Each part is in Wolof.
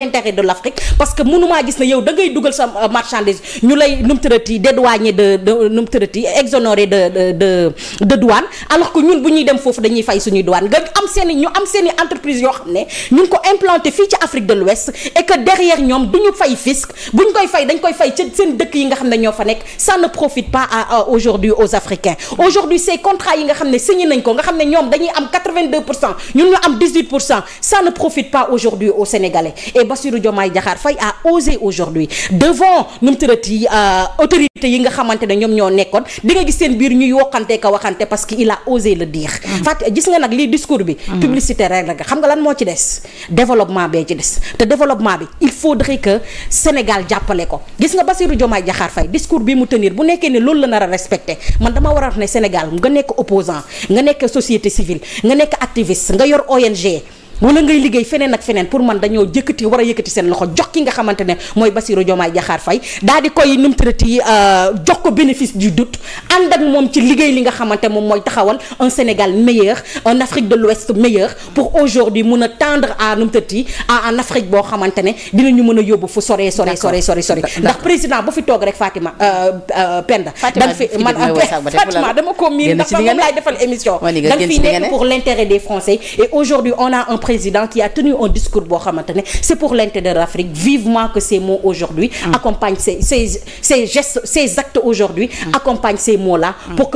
intérêt de l'Afrique parce que mënuma gis na yow da ngay dugal sa euh, marchandise ñu lay nu mu tërati dédouané de de nu mu tërati douane alors que ñun bu ñuy dem foofu dañuy fay suñuy douane nga am seen i ñu am seen i entreprise yoo xam ne ñu ngi ko implanté fii ci Afrique de l'Ouest et que derrière ñoom du ñu fay fisc bu koy fay dañ koy fay ci seen dëkk yi nga xam ne ñoo fa nekk ça ne profite pas à euh, aujourd'hui aux Africains aujourd'hui ces contrats yi nga xam ne signé nañ ko nga xam ne ñoom dañuy am 82 pour cent ñun ñu am 18 pour cent ça ne profite pas aujourd'hui Bassirou Diomaye Diakhar Faye a osé aujourd'hui devant nu mu tërati euh, autorité yi nga xamante ne ñoom ñoo nekkoon di nga gis seen biir ñuy waxante ko waxante parce que il a osé le dire mm-hmm. fat gis nga nag lii discours bi mm-hmm. publicité rek la nga xam nga lan moo ci des développement bee ci des te développement bi il faut que Sénégal jàppale ko gis nga Bassirou Diomaye Diakhar Faye discours bi mu tenir bu nekkee ne loolu la nar a man dama war a wax ne Sénégal nga nekk opposant nga nekk société civile nga nekk activiste nga yor ONG wala ngay liggéey feneen ak feneen pour man dañoo jëkkati war a yëkkati seen loxo jox ki nga xamante ne mooy Bassirou euh, jox ko bénéfice du doute ànd ak moom ci liggéey li nga xamante moom mooy taxawal un Sénégal meilleur un Afrique de l'Ouest meilleur pour aujourd'hui mun a tendre en Afrique boo xamante ne dinañu mën a yóbbu fu sore sore sore sore sore ndax président bu fi toog rek Fatima euh, euh, Penda danga fi man dama ko miin ndax moom laay defal émission danga président qui a tenu un discours boo xamante ne c'est pour l'intérêt de l'Afrique vivement que ces mots aujourd'hui mm. accompagnent ces ces actes aujourd'hui mm. accompagnent ces mots-là mm. pour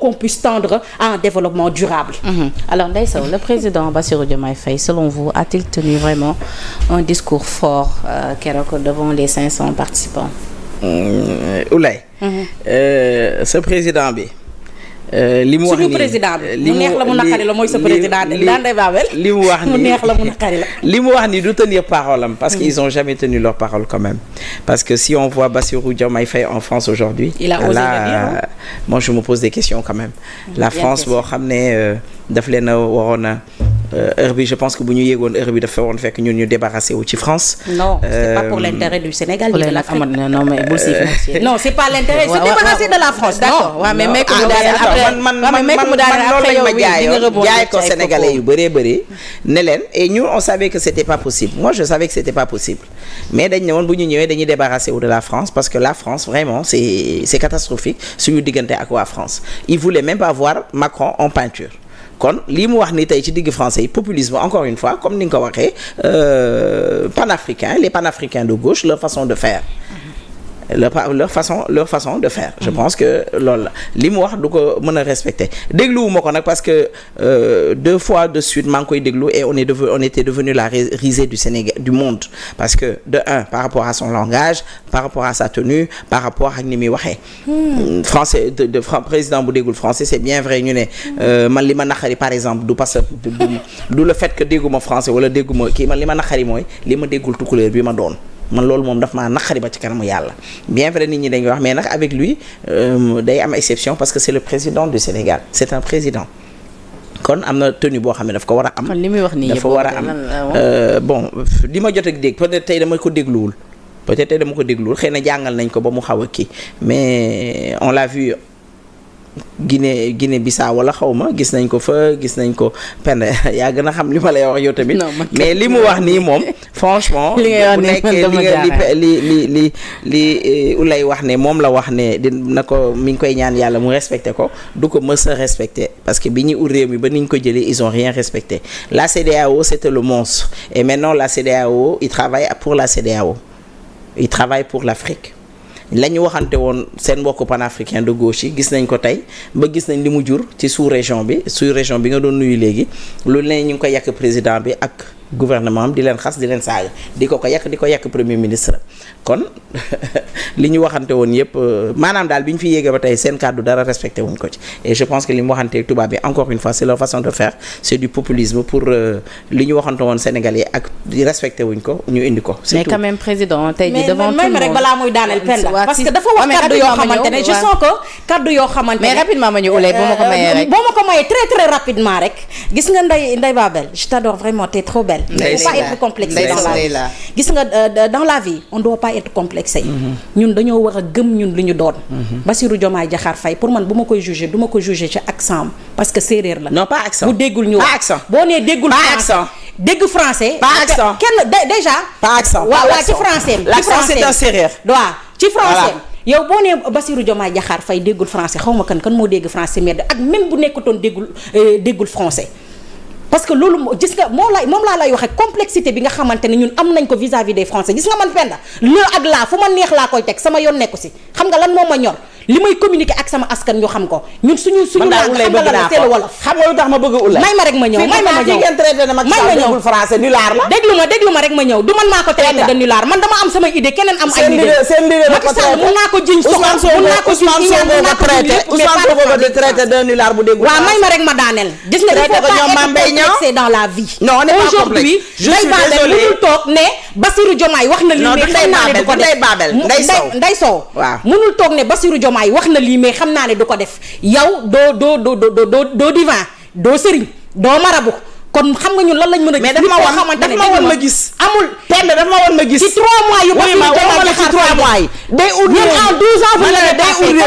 qu'on puisse tendre à un développement durable mm-hmm. alors le président Bassirou Diomaye Faye selon vous a-t-il tenu vraiment un discours fort euh, keroog devant les 500 participants euh, Oulay mm-hmm. euh, ce président li mu wax nii suñu la mu naqari la mooy sa président li mu wax la mu naqari la li mu wax nii tenir parole parce mm. qu'ils ont jamais tenu leur parole quand même parce que si on voit Bassirou Diomaye Faye en France aujourd'hui il a osé là moi je me pose des questions quand même mm, la France boo xam ne euh, daf Euh, heure bi je pense que bu ñu yéegoon heure bi dafa woon fekk ñun ñu débarrassé wu ci France. non c'est pas pour euh, l'intérêt du Sénégal. na non mais bourse financière. non c'est pas l'intérêt de la France. d'accord waaw mais mekk ah, mu après man man man loolu lañ ma jaayoon jaay ko Sénégalais yu bëree bëri. ne leen et ñun on savait que c'était pas possible moi je savais que c'était pas possible mais dañ ne woon bu ñu ñëwee dañuy débarrassé wu de la France parce que la France vraiment c'est c'est catastrophique suñu diggante ak waa France ils voulaient même pas voir Macron kon lii mu wax ni tey ci digg français yi populisme encore une fois comme ni nga ko waxee euh, panafricain les panafricains de gauche leur façon de faire leur leur façon leur façon de faire. je mm. pense que loolu la li mu wax du ko mën a respecter dégluwuma ko nag parce que euh, deux fois de suite maa ngi koy déglu et on est devenu on était devenu la risée du Sénégal du monde parce que de un par rapport à son langage par rapport à sa tenue par rapport ak ni muy waxee. Mm. français de de président bu déggul français c'est bien vrai ñu ne euh, man li ma naqari par exemple du parce que du le fait que dégguma français wala dégguma kii man li ma naqari mooy li ma déggul tukkuleer bi ma doon. man loolu moom daf maa naqari ba ci kanamu yàlla bien vrai nit ñi dañuy wax mais nag avec lui euh, day am exception parce que c'est le président du Sénégal c'est un président kon am na tenue boo xam ne daf ko war a am. kon li muy wax nii dafa war a am euh, bon li ma jot a dégg peut-être tey dama ko dégluwul peut-être tey dama ko dégluwul xëy na jàngal nañ ko ba mu xaw a kii mais on l'a vu. Guinée Guinée Bissau wala xawma gis nañ ko fa gis nañ ko pen yaa gën a xam li ma lay wax yow tamit mais li mu wax nii moom franchement li nga li li li eh, wax ne moom la wax ne na ko mu ngi koy ñaan yàlla mu respecté ko du ko mës a respecté parce que bi ñu ur réew mi ba ñu ko jëlee ils ont rien respecté la CEDEAO c'était le monstre et maintenant la CEDEAO il travaille pour la CEDEAO il travaille pour la frique la ñu waxante woon seen mbokk panafricain de gauche yi gis nañ ko tey ba gis nañ li mu jur ci sous région bi sous région bi nga doon nuyu léegi loolu la ñu ngi ko yàq président bi ak. gouvernement am di leen xas di leen saaga di ko ko yàq di ko yàq premier ministre kon li ñu waxante woon yëpp euh, maanaam daal bi ñu fi yéegee ba tey seen kàddu dara respecté wuñ ko ci et je pense que li mu waxante tubaab bi encore une fois c'est leur façon de faire c'est du populisme pour euh, li ñu waxante woon sénégalais ak respecté wuñ ko ñu indi ko mais mais même ah, ah, ma ñu ulee boo ma ko mayee très très rapidement rek gis nga Ndeye Ndeye Babel je t'adore réel. il faut pas dans la vie gis nga euh, dans la vie on doit pas être complexé. Mm-hmm. ñun dañoo war a gëm ñun lu ñu doon. Mm-hmm. Bassirou Diomaye jaxaar fay pour man bu ma koy jugé du ma ko jugé ci accent parce que séeréer la. non pas accent déggul ñu wax. boo déggul français dégg français. pas accent kenn déjà. pas accent waaw waaw ci français. ci français. yow boo nee Bassirou Diomaye Diakhar déggul français xaw ma kan kan moo dégg français mais ak même bu nekkutoon déggul euh, déggul français. parce que loolu gis nga moom lay moom laa lay waxee complexité bi nga xamante ne ñun am nañ ko vis-à-vis des Français gis nga man Penda le ak laa fu ma neex laa koy teg sama yoon nekku si xam nga lan moom ma ñor li may communiquer ak sama askan ñu xam ko ñun suñu suñu langue xam nga la teel wolof xam nga lu tax ma bëgg ulay may ma rek ma ñëw may ma ma ñëw may ma ñëw français nulaar la déglu ma déglu ma rek ma ñëw du man maa ko traité de nulaar man dama am sama idée keneen am ay idée seen idée la ko traité mun naa ko jiñ soxal mun naa ko jiñ ñaan mun naa ko traité Ousmane Sonko ko traité de nulaar bu déggul waaw may ma rek ma daaneel gis nga il faut pas être complexé dans la vie non on n'est pas complexe aujourd'hui Babel lu dul toog ne Bassirou Diomaye wax na li mais xam naa ne du ko def Ndeye Sow mënul toog ne Bassirou Diomaye Diomaye wax na lii mais xam naa ne du ko def yow doo doo doo doo doo doo divan doo sëriñ doo kon xam nga ñun lan lañ mën a. mais daf ma woon daf ma woon ma gis. amul pend daf ma woon ma gis. ci 3 mois yu ko la ma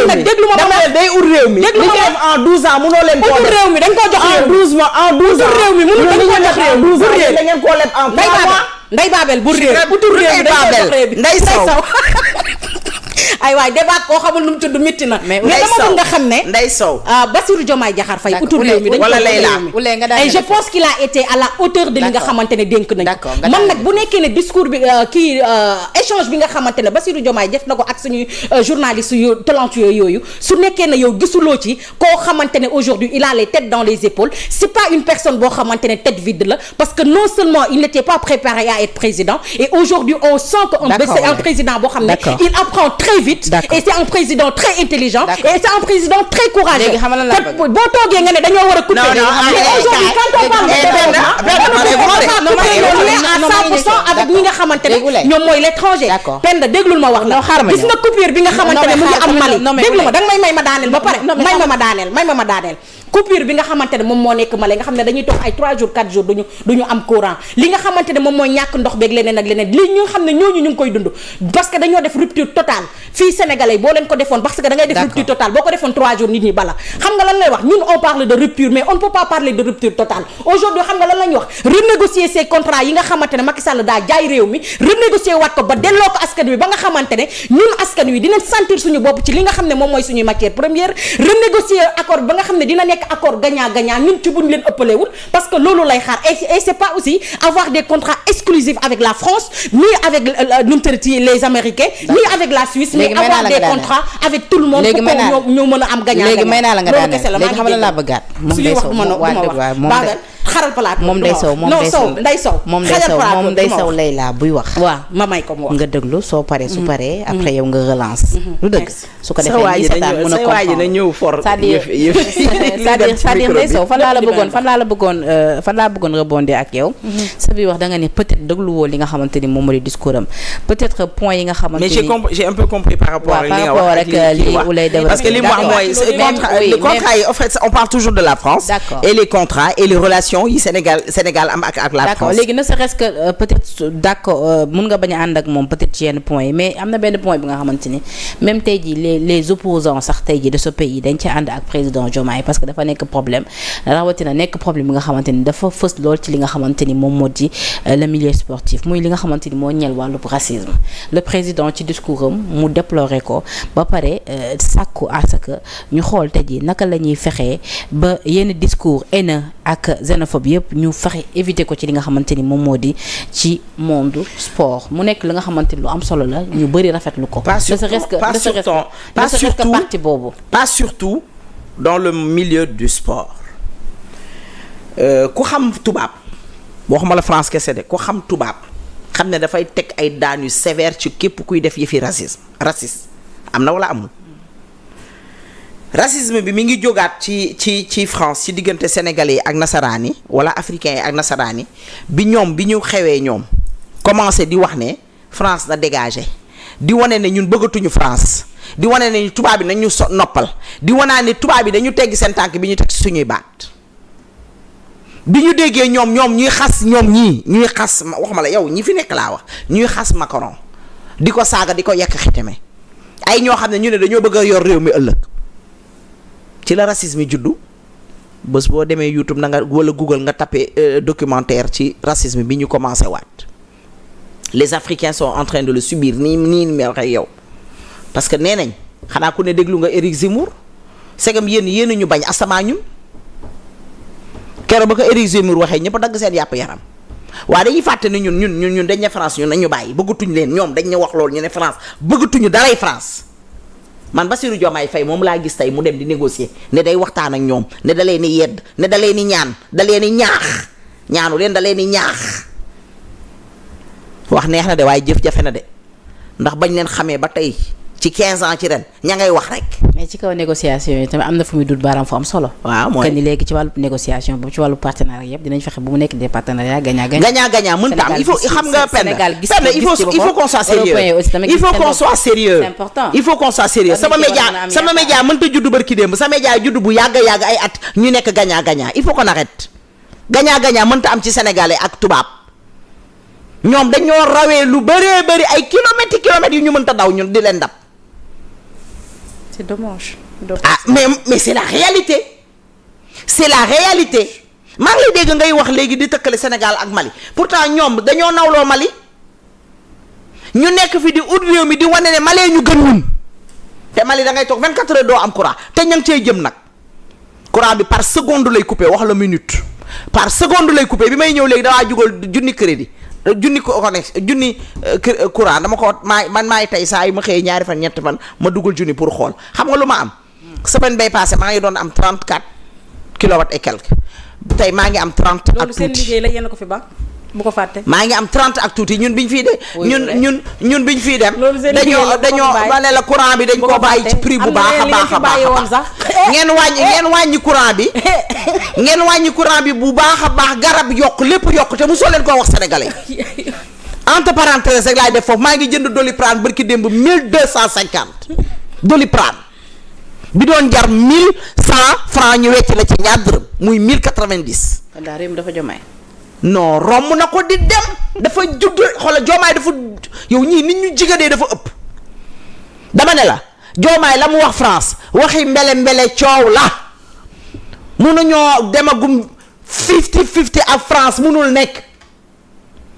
ma day ut réew mi. déglu ma ma en 12 ans munoo leen. koo def réew mi dañ koo jox réew. en 12 mois en 12 ans réew mi munul dañ koo jox réew. bu réew da ngeen koo leb en 3 mois. Ndey Babel bu réew. bu tur réew mi dañ koo jox ay waay débat koo xamul nu mu tudd métti na. mais dama bëgg nga xam ne. Ndeye Sow euh, Bassirou Diomaye Diakhar Faye. ku tudd réew mi dañ mi et a été à euh, euh, nga xamante ne dénk nañ ko man nag bu na ko ak suñu journaliste yu talentueux yooyu su nekkee ne ci koo xamante ne aujourd'hui il a les têtes dans les épaules c'est personne boo xamante ne tête vide la parce que non seulement il n'était pas préparé à être président et aujourd'hui on président boo xam ne il apprend très vite. et c'est un président très intelligent. et c'est un président très courageux. léegi xamal la boo toogee nga ne dañoo war a. couper mais aujourd'hui quand on parle de développement à 100% avec ñi nga xamante ne ñoom mooy l'étranger. penda déglul ma wax la. gis nga bi nga xamante ne mu ngi am Mali. déglu ma danga may may ma daaneel ba pare may ma ma daaneel may ma ma daaneel coupure bi nga xamante moom moo nekk Mali nga xam ne dañuy toog ay 3 jours 4 jours duñu duñu am courant li nga xamante ne moom mooy ñàkk jaay réew mi renégocier waat ko ba delloo ko askan wi ba nga xamante ñun askan wi dinañ sentir suñu bopp ci li nga xam ne moom mooy suñuy matière première renégocier accord ba nga xam ne dina nekk nekk accord gagnant gagnant ñun ci buñ leen ëppalee wul parce que loolu lay xaar et c'est pas aussi avoir des contrats exclusifs avec la France ni avec euh, euh, nu les Américains ni avec la Suisse mais avoir des contrats avec tout le monde pour que ñoo mën a am gagnant gagnant léegi may naa la nga daaneel léegi xam la laa bëggaat suñuy wax du ma no du ma wax baagal xaral palaat moom day sow moom day sow nday sow moom day sow moom day sow lay laa buy wax waaw ma may ko mu wax nga déglu soo paree su mm-hmm. paree après mm-hmm. yow nga relance mm-hmm. lu dëgg su ko defee ñi a comprendre sa waay na ñëw for yëf yëf dire cest dire nday sow fan laa la bëggoon euh, fan laa la bëggoon fan ak yow sa biir wax da nga ne peut-être li nga xamante moom moo di discours am point yi nga xamante mais j'ai compris par rapport ak li nga euh, wax ak parce que li wax mooy ambition yi Sénégal Sénégal am ak ak la France. Euh, euh, d'accord euh, mun nga bañ a ànd ak moom peut-être ci yenn point yi mais am na benn point bi nga xamante ni tey jii les les opposants sax tey jii de ce dañ ci ànd ak président Diomaye parce que dafa nekk problème rawatina nekk problème bi nga xamante dafa fës lool ci li nga xamante moo di le milieu sportif muy li nga xamante moo ñeel wàllu racisme le président ci discours am mu déploré ko ba xénophobie yëpp ñu fexe éviter ko ci li nga xamante ni moom moo di ci monde sport mu nekk li nga xamante ni lu am solo la ñu bëri rafetlu ko. pas surtout pas surtout pas surtout parti boobu. pas surtout dans le milieu du sport euh, ku xam tubaab waxuma la France kese de ku xam tubaab xam ne dafay teg ay daan yu sévère ci képp kuy def yëfi racisme raciste am na wala amul. racisme bi mi ngi jógaat ci ci ci France ci diggante sénégalais yi ak nasaraan yi wala africains yi ak nasaraan yi bi ñoom bi ñu xewee ñoom commencé di wax ne France na dégagé di wane ne ñun bëggatuñu France di wane ne tubaab bi nañu so noppal di wanaa ne tubaab bi dañu teggi seen tànk bi ñu teg suñuy baat bi ñu déggee ñoom ñoom ñuy xas ñoom ñii ñuy xas ma la yow ñi fi nekk laa wax ñuy xas Macron di ko saaga di ko yekk xiteme ay ñoo xam ne ñu ne dañoo bëgg a yor réew mi ëllëg ci la racisme yi juddu bés boo demee YouTube na nga wala Google nga tapé euh, documentaire ci racisme bi ñu commencé waat les Africains son en de le subir nii nii nii waxee yow parce que nee nañ xanaa ku ne déglu nga Éric Zemmour segam yéen yéen ñu bañ asamaa ñun keroog ba ko Éric Zemmour waxee ñëpp dagg seen yàpp yaram waaye dañuy fàtte ne ñun ñun ñun ñun dañ ne France ñun nañu bàyyi bëggatuñ leen ñoom dañ ne wax loolu ñu ne France bëggatuñu daray France. man ba Bassirou Diomaye fay moom laa gis tey mu dem di négocier ne day waxtaan ak ñoom ne da leen ni yedd ne da leen ni ñaan da leen ni ñaax ñaanu leen da leen ni ñaax wax neex na de waaye jëf jafe na de ndax bañ leen xamee ba tey ci 15 ans ci ren ña ngay wax rek. mais ci kaw négociation yi tamit am na fu muy dul baaraam fu am solo. waaw mooy que ni léegi ci wàllu négociation boobu ci wàllu partenariat yëpp dinañ fexe bu mu nekk des partenariats gagnant gagnant. gagnant am il faut xam démb sa média judd bu yàgg yàgg ay at ñu nekk gagnant gagnant il faut qu'on arrête gagnant gagnant mënta am ci sénégalais ak tubaab ñoom dañoo rawee lu bëree bëri ay kilomètres kilomètres yu ñu mënta daw ñun di leen dab c'est dommage. dommage. ah mais mais c'est la réalité c'est la réalité maa ngi dégg ngay wax léegi di tëkkale Sénégal ak Mali pourtant ñoom dañoo nawloo Mali ñu nekk fi di ut réew mi di wane ne Mali ñu gën ñun te Mali da ngay toog 24 heures doo am courant te ñan ngi cee jëm nag courant bi par seconde lay coupé wax la minute par seconde lay coupé bi may ñëw léegi dawaa jugal junni crédit. junni connex junni eh, eh, courant dama ko maay man maay tey saa yu ma xëyee ñaari fan ñetti fan ma dugal junni pour xool xam nga lu ma am. semaine bay passé maa ngi doon am 34 kilowatt et quelque tey maa ngi am 30. ak tuuti loolu seen liggéey la yéen ko fi ba. bu ko fàtte maa ngi am 30 ak tuuti ñun biñ fii de ñun ñun ñun biñ fii dem dañoo dañoo wala la courant bi dañ koo bàyyi ci prix bu baax a baax a baax ngeen wàññi ngeen wàññi courant bi ngeen wàññi courant bi bu baax a baax garab yokk lépp yokk te mosoo leen koo wax sénégalais entre parenthèse rek laay def foofu maa ngi jënd Doliprane barki démb 1250 Doliprane bi doon jar 1100 francs ñu wecc la ci ñaar dërëm muy 1090. kon daal réew mi dafa jomay. non romb na ko di dem dafa judd xoola joomaay dafa yow ñii nit ñu jigadee dafa ëpp dama ne la joomaay la mu wax France waxi mbele mbele coow la mun nañoo demagum fifty fifty ak France munul nekk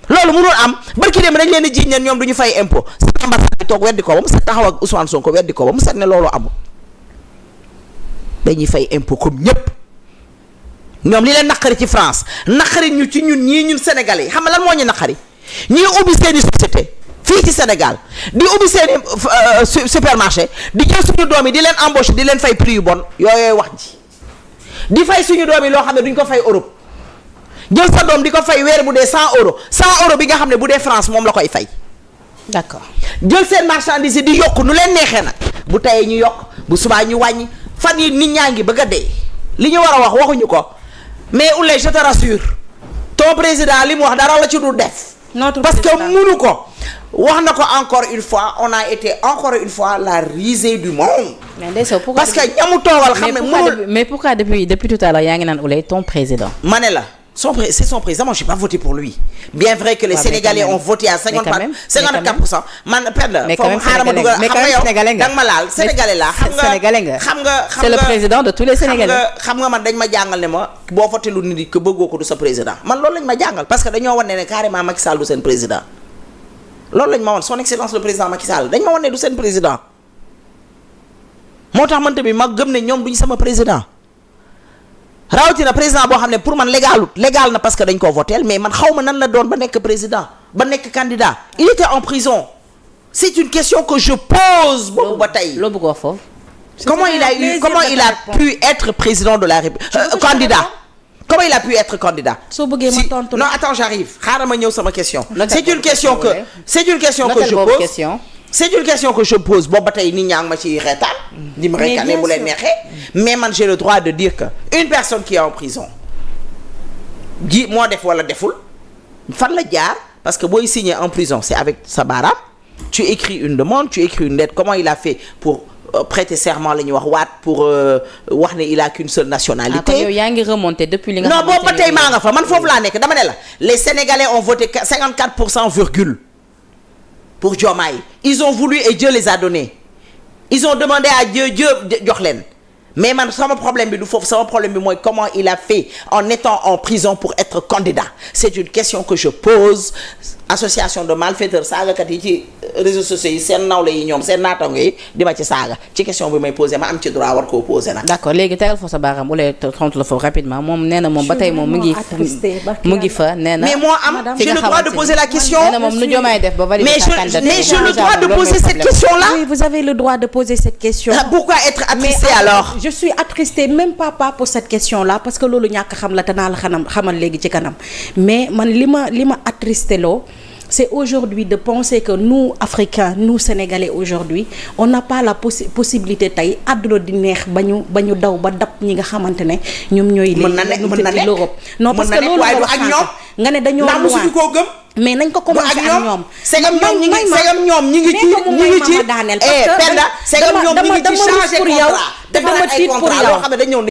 loolu munul am barki dem dañ leen di jiiñ ñoom du ñu fay impôt seen ambassade bi toog weddi ko ba mu set taxaw ak Ousmane Sonko weddi ko mu set ne loolu amul dañuy fay impôt comme ñëpp. ñoom li leen naqari ci France naqari ñu ci ñun ñii ñun sénégal yi xam nga lan moo ñu naqari ñuy ubbi seeni société fii ci Sénégal di ubbi seeni euh, supermarché di jël suñu doom yi di leen embauché di leen fay prix yu bon yooyooy wax ji di fay suñu doom yi loo xam ne duñ ko fay Europe jël sa doom di ko fay weer bu dee 100 euro 100 euro bi nga xam ne bu dee France moom la koy fay. d'accord jël seen marchandise di yokk nu leen neexee nag bu tayee ñu yokk bu subaa ñu wàññi fan yi nit ñaa ngi bëgg a dee li ñu war a wax waxuñu ko. mais Ouleye je te rassure ton président li mu wax dara la ci du def. parce que munu ko. wax na ko encore une fois on a été encore une fois la risée du monde. parce que ñamu toogal xam ne mais pourquoi depuis depuis tout à l'heure yaa ngi naan Ouleye ton président. ma ne la. son c'est son président moi j'ai pas voté pour lui bien vrai que les ouais, sénégalais ont voté à 50 54 pour cent man perdre mais quand ma laal sénégalais la xam nga sénégalais nga xam nga xam nga man dañ ma jàngal ne ma boo voté lu nit que bëggoo ko du sa président man loolu lañ ma jàngal parce que dañoo wane ne carrément Macky Sall du seen président loolu lañ ma woon son excellence le président Macky Sall dañ ma wane du seen président moo tax man tamit ma gëm ne ñoom duñ sama président rawatina président boo xam ne pour man légalut légal na parce que dañ koo votel mais man xaw ma nan la doon ba nekk président ba nekk candidat il était en prison c'est une question que je pose boobu ba comment il a eu comment pu être président de la république euh, candidat comment il a pu être candidat soo bëggee tontu non attends j'arrive xaaral ma ñëw sama question c'est une question que c'est une question que je pose c'est une question que je pose boobu ba tey nit ñaa ma ciy reetaan. Mm. di ma récalé mais man j'ai le droit de dire que une personne qui est en prison ji moo def wala deful fan la jaar parce que booy signer en prison c'est avec sa baaraam tu écris une demande tu écris une lettre comment il a fait pour. Euh, prêter serment la ñuy wax waat pour euh, wax il a qu'une seule nationalité. ah yow yaa ngi remonté depuis li nga. fa man foofu laa nekk dama la les sénégalais ont voté pour cent virgule. pour Diomaye ils ont voulu et Dieu les a donnés ils ont demandé à Dieu Dieu jox leen mais man sama problème bi mooy comment il a fait en étant en prison pour être candidat c'est une question que je pose association de malfaiteurs saagakat yi ci euh, réseaux sociaux yi seen nawle yi ñoom seen naatango yi di ma ci saaga ci question bi may posé ma am ci droit war koo posé nag. d'accord léegi tegal foofu sa baaraam wala tontu la foofu rapidement moom nee na moom ba tey moom mu ngi. na. mais moo am j'ai le droit la question. nee na moom nu ba je suis attristée même pas pas pour cette question là parce que loolu ñàkk xam la te naa la xamal léegi ci kanam mais man li ma li ma attristé loo c'est aujourd'hui de penser que nous Africains nous Sénégalais aujourd'hui on n'a pas la possi possibilité tey àdduna di neex ba ñu ba ñu daw ba dab ñi nga xamante ne ñoom ñooy. mën na nekk mën na nekk loolu nga wax nga ne dañoo. loin mais nañ ko commencé ak ñoom segam ñoom ñi ngi segam ñoom ñi ngi ci ñi ngi ci daaneel eh, Penda segam ñoom ñi ngi ci changé contrat defaraat ay contrat yoo xam ne dañ ñëw